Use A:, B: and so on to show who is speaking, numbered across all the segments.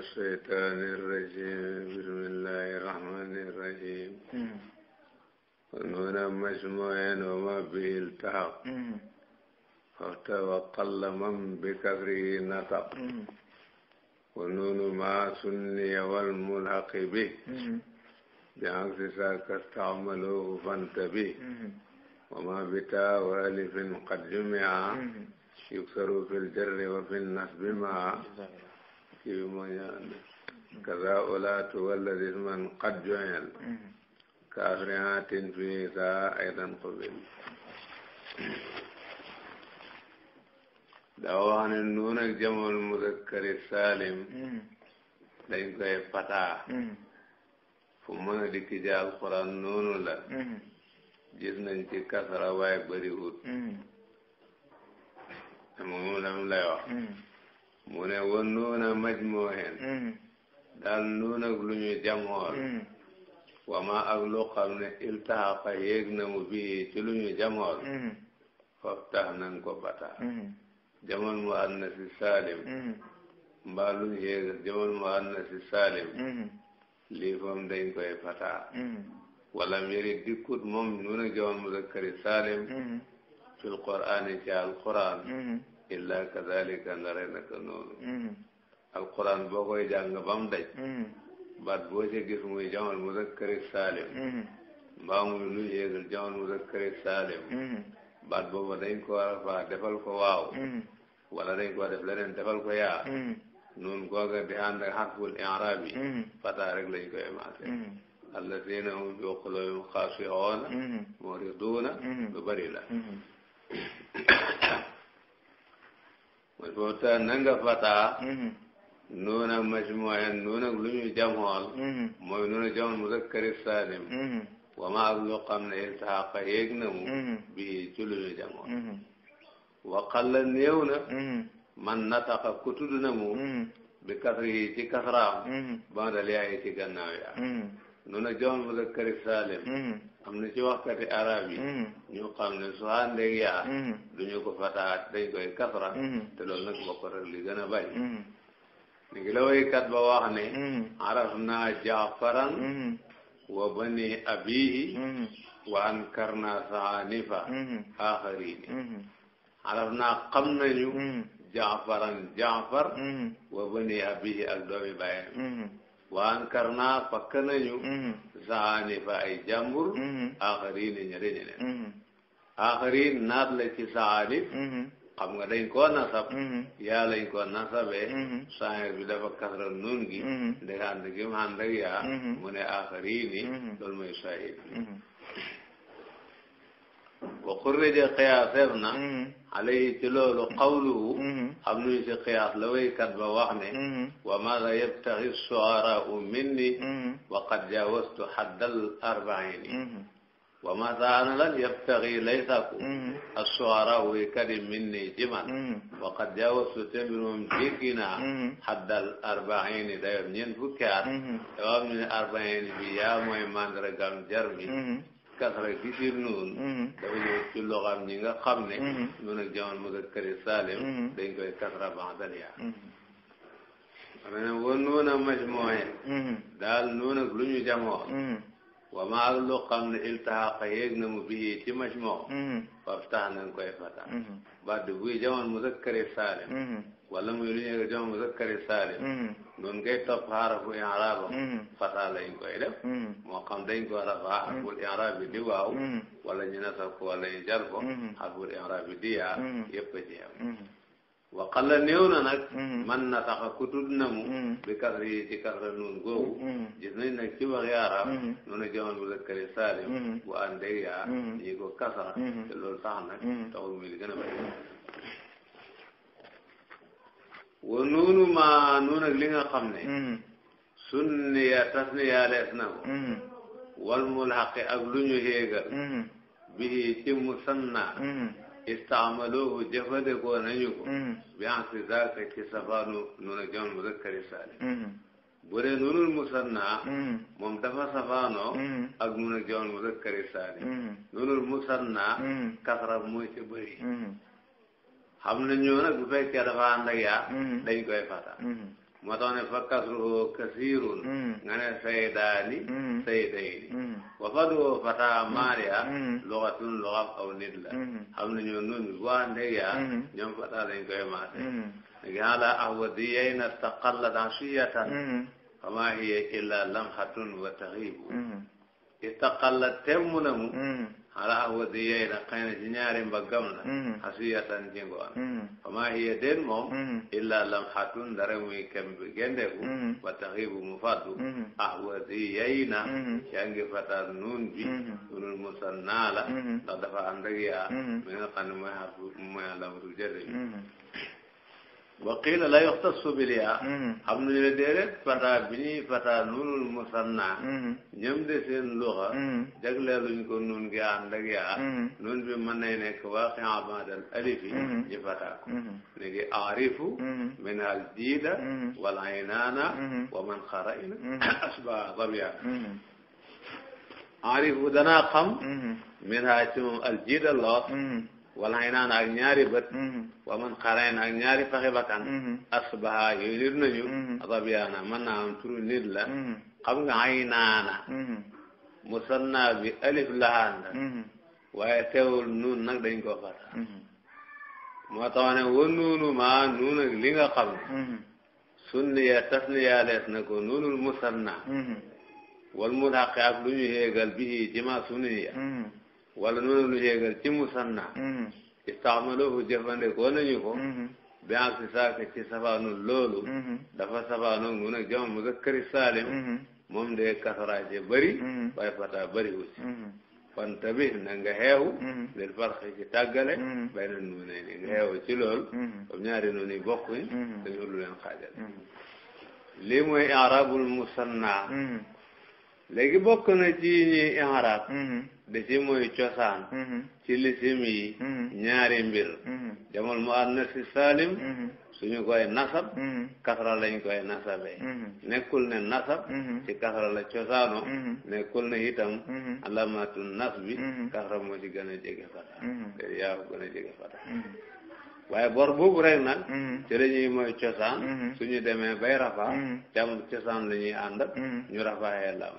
A: الشيطان الرجيم بسم الله الرحمن الرحيم هنا مجموع وما به التحق وقل من بكثره نطق ونون ما سني والملحق به بعكس ذاك استعملوه فانتبه وما بتاء وألف قد جمع يكثر في الجر وفي النصب معا kii bi moo ñu ànd kaza olaatu walla din man qad joñel kaafiraatin fii saa aydan muzakkari salim dañ koy fataa fu mën a dikki ja alquran noonu la gis nañ ci kasara waaye bëriwut moom la mu lay wax mu ne woon nuuna majmuuhen hmm. daal nuun ak lu ñu jamool hmm. wama ak lu xam ne na mu bii ci lu ñu jamool hmm. foofu nañ ko bata jamool mu annas si saalim mbaa lu ñu yéeg mu annas si saalim lii foom dañ koy fata wala yëri dikkut moom nuun ak jamool muzakkari saalim fil qur'aani ci alquran illa kadhalika ndare naka noonu alquran boo koy jàng ba mu daj baat boo ca gis muy jamal muzakkari saalim mbaa muy lu yéegal jamal saalim baat booba dañ ko rafa defal ko waaw wala dañ defal ko yaa nun googa di ànd ak xarful i'raab fata rek lañ koy maase allazina hum bi qulubihim xaashi'uuna muriduuna lu bari la foota nanga fata mm-hmm. nuun ak majmuu'an nuun ak lu ñu jamhool mooy mm-hmm. nuunu jamhool muzakkari saalim mm-hmm. wama ak lu xam ne iltahaqa yéeg na mu bi ci lu ñu jamhool waqal la néew na man nataqa ku tudd na mu bi kasri yi ci kasraam bandal yaa yi ci gannaaw yaa noonu nag jamono muzakkari saalim mm-hmm. am na ci waxkati arab yi mm-hmm. ñu xam ne su àndeeg yaa mm-hmm. duñu ko fataat dañ koy kasra te loolu nag bokk rek li gën a bañ ni ngi la waykat ba wax ne araf naa jaafaran wa bani abihi wa ankar naa saanifa aaxarini araf naa xam nañu jaafaran jaafar wa bani abihi ak doomi waan karna fakk nañu saani mm-hmm. fa ay jàmbur axarin ñe de axarin naat la ci saani mm-hmm. xam nga dañ koo nasab mm-hmm. yaa lañ koo nasabee saani bi dafa kasra nuun gi ndeg ànd gi yaa mu ne axarin loolu mooy saahid bi wa xurrija xiyaaseef na alayhi ci loolu qawluhu xam nuñ si xiyaas la waykat ba wax ne wa maada yabtaxi suaraau minni wa qad jawastu xaddal arbaini wa masaana lan yabtaxi lay sàkku assuara waykat yi min nii ci man wa qad jawastu te mbir moom jéggi naa xaddal arbaini dayoom ñeent fukki at yoo xam ne arbaini bi yaa mooy mandargam jar mi kasra di biir nuun mm-hmm. dafa ñëw ci loxam ñi nga xam ne ñun mm-hmm. ak jaman muzakkari salim mm-hmm. dañ koy kasra ba'dal yaa xam ne wa nuun a majmuu'in daal nuun ak lu ñu jamoo wa ma ak lu xam ne iltahaqa yéeg na mu bii ci majmoo faftax nañ koy fata baat buy jaman muzakkari salim wala muy lu ñuy jama muzakkari saalim mm-hmm. noonu ngay topp xarafu i'raabam mm-hmm. fata lañ koy def mm-hmm. moo xam dañ ko rafa xarful i'raab bi di waaw wala ñu nasab ko wala ñu jar ko xarful i'raab bi di yaa yëpp a ci yem waqala néew na nag man na taxa ku tudd na bi kasra yi ci kasra nuun googu gis nañ nag ci waxi arab noonu jamal muzakkari saalim bu àndeeg yaa ñi ko kasra te loolu tax nag taxul muy li gën a bëri wa nuunu ma nuun ak li nga xam ne mm-hmm. sunniya tasniya lees na ko mm-hmm. wal mulhaqi ak lu ñu héegal mm-hmm. bihi ci musanna istaamaloohu jëfandikoo nañu ko bi ansi zaaka ci safaanu nuun ak jamal muzakkari saalim bu dee nuunul musanna moom dafa safaanoo ak nuun ak jamal muzakkari saalim nuunul musanna kasra mooy ci bëri xam na ñëw nag bu fekkee dafa ànd ak yaa mm-hmm. dañ koy fata mm-hmm. moo tax ne fa kasruhu mm-hmm. nga ne saydaani saydayni wa faduhu fata maria lugatun lugat aw nit la xam na ñëw nun bu ànd ak yaa ñoom fata dañ koy maate ngi ala ahwadiyayna taqallat ashiyatan fama hiya illa lamhatun wa taxibu istaqallat temmu na mu ala awasi yey na xëy ci ñaari mbaggam la xasiyatan mm-hmm. ci ngoon mm-hmm. fama hiya déen moom mm-hmm. illa lam xatun dara muy kem bi gendeku ba taxibu mu faddu ahwasi yey na yaa ngi fatal nuun bi nunul musanna la dafa ànd ak yaa mi nga xam ne mooy xarfu mooy lamatu jëri waqila la yuxtasu biliya xam nañu ne déedéet fata bi ñuy fata nuunul musanna ñoom de seen luxa jagleeluñ ko nuun gi ànd ak yaa nuun bi mën nay nekk waaqia ba'dal alifi ñu fata ko léegi arifu min al jiida wal aynana wa man xara'ina asba damya arifu danaa xam min ha ci moom al jiida loos wala ay naan ak ñaari bët. Mm-hmm. wa man ak ñaari pexe bakkan. Mm-hmm. asbaha yooyu nit nañu. Mm-hmm. asabiyaana mën naa am nit la. xam nga ay naana. musanna bi alif lahaan la. waaye teewul nuun nag dañ koo fata. moo tax ne wa maa nuun ak li nga sunniya tasniya lees na ko nuunul musanna. wal mulhaqi ak lu ñu yéegal bii sunniya. wala noonu lu yéegal ci musanna istaamaluhu jëfandikoo nañu ko bien si saaka ci safaanu loolu mm-hmm. dafa safaanu mu nag jama muzakkari saalim moom mm-hmm. de kasaraaje bëri waaye mm-hmm. fata bëri aussi fan tamit na nga xeew lil farxi ci tàggale bay na nuu ne ni nga xeew ci loolu comme ñaari noonu yi bokkuñ dañu lu leen xaajal lii mooy i'raabul musanna léegi bokk na ci ñi i'raab da mhm. ci mooy cosaan ci lisim yi mhm. ñaari mbir mhm. jamul mu annasi salim suñu koy nasab kasra lañ koy nasabe nekkul ne nasab ci kasra la cosaano nekkul ne itam alamatu nas bi kasra moo ci gën a jege fata te yaa gën a jege fata waaye bor boobu rek nag mm-hmm. ci la mooy cosaan mm-hmm. suñu demee bay rafaa mm-hmm. cam cosaan la ñuy ànd ñu rafaayee lam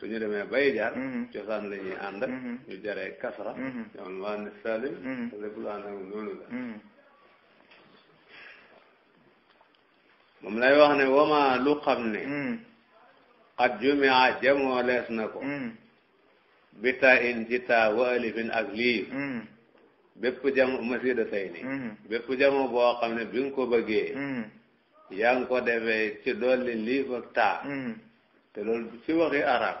A: suñu demee bay jar cosaan la ñuy ànd ñu jaree kasra ñoom waa ne salim la moom lay wax ne wama lu xam ne xat jumia jamoo lees na ko bita in ci taa wa alifin ak lii bépp jamono masida say ni mm-hmm. bépp jamoo boo xam ne bi nga ko bëggee mm-hmm. yaa ngi ko defee ci dolli liif ak taa mm-hmm. te loolu ci waxi arab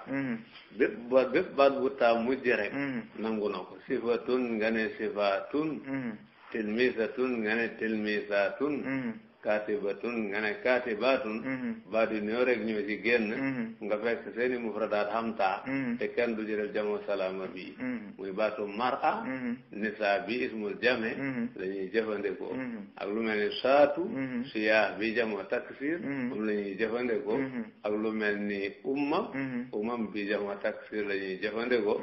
A: bépp ba bépp baat bu taa mujj rek nangu na ko sifatun nga ne sifatun tilmisatun nga ne tilmisatun kaatibatun nga ne kaatibatun mhm. ba di rek ñoo ci génn mhm. nga fekk seeni mufradaat hamta mhm. te kenn du jëlal jamo salaama bi muy baatu mar'a nisaa bi ismul jame la ñuy jëfandikoo ak lu mel ni saatu siyaah bi jamoo taksir lañuy la ñuy jëfandikoo ak lu mel ni umma umam bi jamo taksir lañuy ñuy jëfandikoo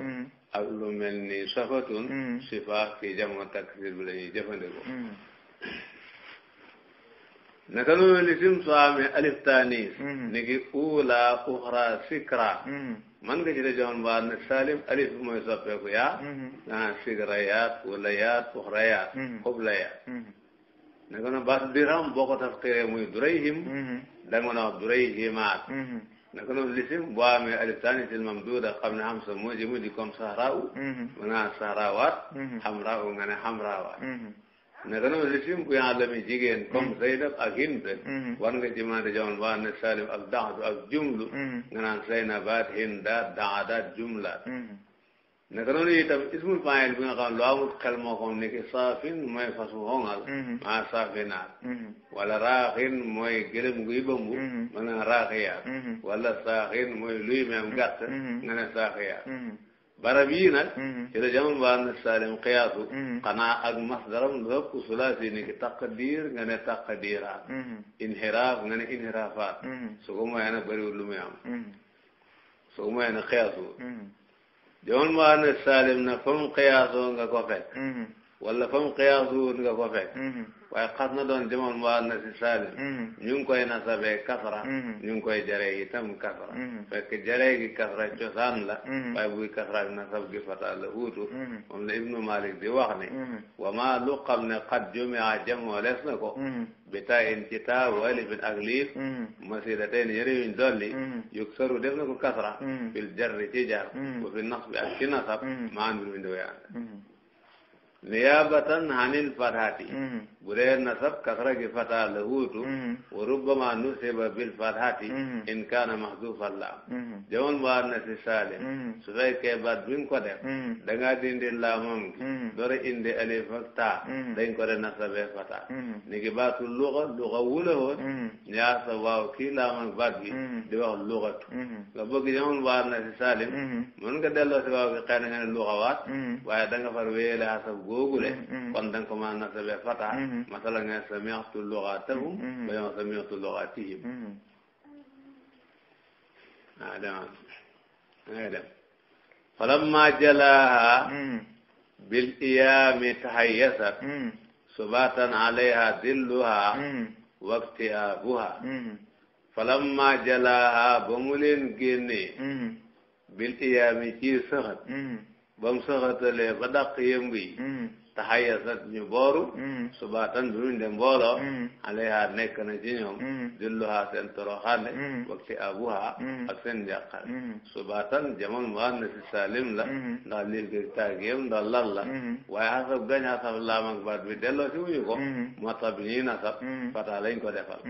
A: ak lu mel ni safatun sifaah ki jamo taksir bi lañuy ñuy jëfandikoo naka noonu lisim soo amee alif tanis ni ki uula uxra sikra man nga ci dajoon waa ne salim alif mooy soppeeku yaa ah sikra yaat uula yaat uxra yaat xubla yaat naka dirham boo ko tafqiree muy durayhim da nga wax durayhimaat naka noonu lisim boo amee alif tanis il mamduuda xam ne xam sa moo ji mujj comme sahraw mu naa sahrawaat xamraw nga ne xamrawaat naka noonu li fim kuy alami jigéen comme Zaynab ak Hind war nga ci mën ne Salim ak Daxdu ak jumlu nga naan Zaynabaat Hindaat Daxdaat jumlaat naka noonu itam ismul faayil bi nga xam lu amul xel moo ki saafin mooy fasu xongal maa saafinaat wala raaxin mooy gëlëm guy bëmbu mën naa raaxiyaat wala saaxin mooy luy meem nga ne saaxiyaat barab yii nag ci mm-hmm. la jaman ba na salim xiyaasu xanaa mm-hmm. ak masdaram lu ëpp sulaasi ni ki taqdir nga ne taqdiraat mm-hmm. inhiraaf nga ne inhiraafaat su ko moyee nag bëriwul lu muy am su ko moyee nag na salim na fa mu nga ko fekk wala fa nga ko waaye xas na doon demoon waa nasi salim mm-hmm. ñu ngi koy nasabee kasra mm-hmm. ñu ngi koy jaree itam kasra mm-hmm. fekk jaree gi kasra cosaan la waaye buy kasra bi nasab gi la huutu moom la ibnu malik di wax ne wa ma lu xam ne xat jumia jamoo les na ko bi taa in ci taa wa alifin ak liif masida teen kasra fil jarri ci jar wa nasab ma andul mi ndiw yaan niyaabatan hanil fatati bu nasab kasra gi fata la wuutu mm-hmm. wa rubbama nusiba bil fathati mm-hmm. in kaana mahdufan laam mm-hmm. jamono muannas saalim su fekkee baat bi nga ko def da ngaa gi door a indi alif ak taa dañ ko de nasabe fata ni ngi baatu luga luga wula woon ñaar sa waaw kii laamam baat bi di wax lugatu nga bëgg jamono muannas saalim mën nga delloo si waaw gi xëy na nga ne lugawaat waaye da nga far wéyale asab kon da ko mën a nasabe fata masala nga sami'tu lugatahum wa yow sami'tu lugatihim ah dama dangay dem falamma jalaha bil iyami tahayyasat subatan alayha dilluha waktiabuha falamma jalaha ba mu leen génnee bil iyami ci sëxat ba mu sëxatalee ba dàq yëmb yi taxaya sat ñu booru hmm. subaatan dunuñ de mbooloo hmm. alayha nekk na ci ñoom dilluha hmm. seen toroxaale wakti abuha ak seen njàqal subaatan jamono muannas salim la ndax lii gi taag yëpp ndax la waaye xasab gañ xasab laam ak baat bi delloo ci wuñu ko moo tax bi ñuy nasab lañ ko defal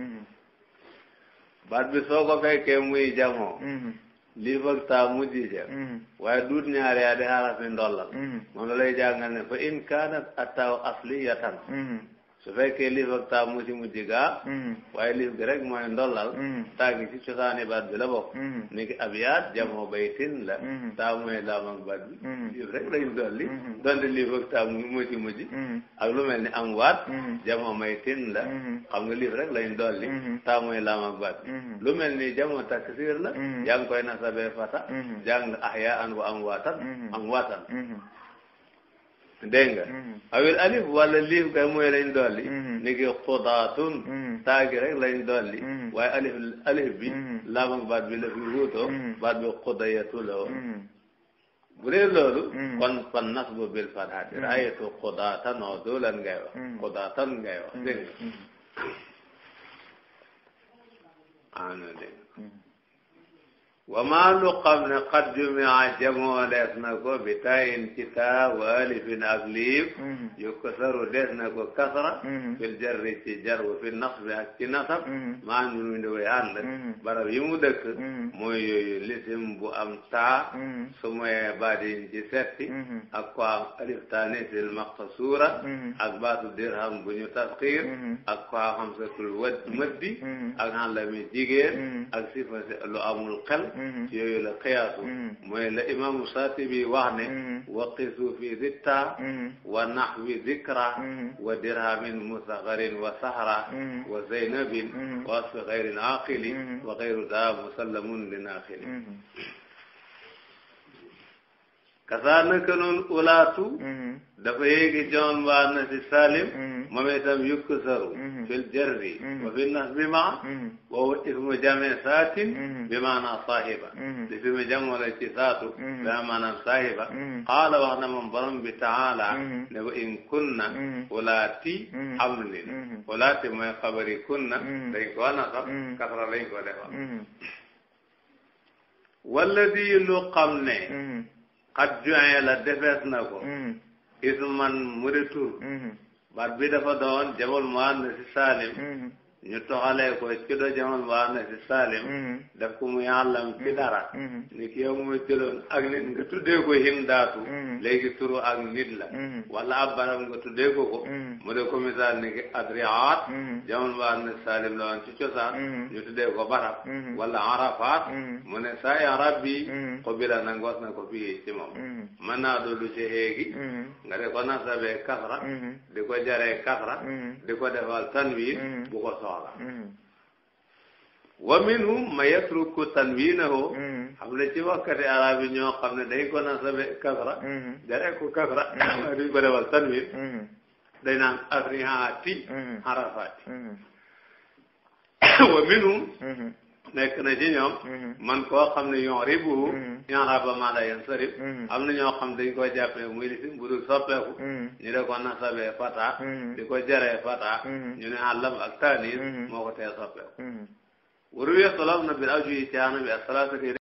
A: baat bi soo ko muy jamoo lii bëgg taa mujj ja mm-hmm. waaye duut ñaari yaa di xaraf mi ndollal mm-hmm. moom la lay jàngal ne fa in kaanat attaaw asliyatan mm-hmm. su fekkee liif ak taa mu ci mujj gaa mm. waaye liif gi rek mooy ndollal mm. taa gi ci cosaani baat bi la bokk mm. ni ki abiyaat jamoo baytin la taa mooy laam ak baat bi liif rek lañu dolli donte liif ak taa mu ci mujj ak lu mel ni am waat jamoo maytin la xam nga liif rek lañu dolli taa mooy laam ak baat bi lu mel ni jamoo taksir la yaa ngi koy nasabee fata jàng ahyaa an wa am waatan am waatan dégg nga mm-hmm. awil wala liif kay mooy lañ mm-hmm. ni ki xudaatun taagi mm-hmm. rek lañ dolli waaye bi laamag baat bi la fi wuutoo baat bi xudayatu la woon bu loolu kon fan nasbu bil fathaati raayatu xudaatanoo doolan ngay wax xudaatan ngay wax dégg nga ah non wama lu xam ne xat jumia jamoo des na ko bi tayin ci taa liif mm-hmm. yu kasaru des na ko kasra mm-hmm. fil jarri ci jar wa fi nasbi ak ci nasab mm-hmm. maa ñu mu ndiway ànd barab yi mu dëkk mooy yooyu lisim bu am taa su mayee baadin ci setti ak ko am alif taanisil maqsuura ak baatu dirham bu ñu tasxiir ak ko am xamsatul wad maddi ak xan la mi jigéen ak sifa lu amul xel ci mm-hmm. yooyu la xiyaasu mm-hmm. mooy la imaamu Saatibi wax ne mm-hmm. waqisu fi zitta wa nahwi zikra wa dirhamin musaxarin wa sahra wa zaynabin wa asfi xayrin aqili wa xayru daa musallamun li naaqili kasaanaka noonu ulaatu mm-hmm. dafa yéegi joon waa na si salim mm-hmm. moom itam yukk saru mm-hmm. fil jarri wa fi nasbi ma wawa ismu jame saatin bi maanaa saahiba di fi mu jamono ci saatu bi maanaam saahiba qaala wax na moom borom bi taala ne wa in kunna ulaati hamlin ulaati mooy xabari kunna dañ ko wana sax kasra lañ ko defal walladi lu xam ne xat juin la defees na ko hmm. isman mu de tur hmm. baat bi dafa doon jabal mu ànd si saalim hmm. ñu toxalee ko ci do jamono waa Salim. def ko muy àllam ci mm-hmm. dara. Mm-hmm. ni ki yow mooy jëloon ak nit nga mm-hmm. ak nit la. wala ab nga tuddee ko ko. mu de ko misaal ni ki Adriaat. jamono waa na Salim la woon ci cosaan. ñu tuddee barab. wala Arafat. mu ne saa ya rabbi. ko bila nag was ko fii ci moom. mën naa ci xeegi. nga de ko nasabee kasra. di ko jaree kasra. di ko defal tanwiin bu loola hmm. wa minhum ma yatruku tanwinahu hmm. xam ne ci wakkati ñoo xam ne dañ ko nasabe kasra hmm. dare kasra waaye duñ ko defal tanwin day naan asrihaati harafaati
B: wa minhum
A: nekk na ci ñoom mm-hmm. man koo xam ne yon ribu mm-hmm. ñaaraba maa la yan sarib am na ñoo xam dañ ko jàppee mu li fi budul soppeeku mm-hmm. ñu de ko nasabee fata di ko jaree fata ñu ne àllam ak taanis moo ko tee soppeeku wuru wi salam na bir aw ji yi caana bi ak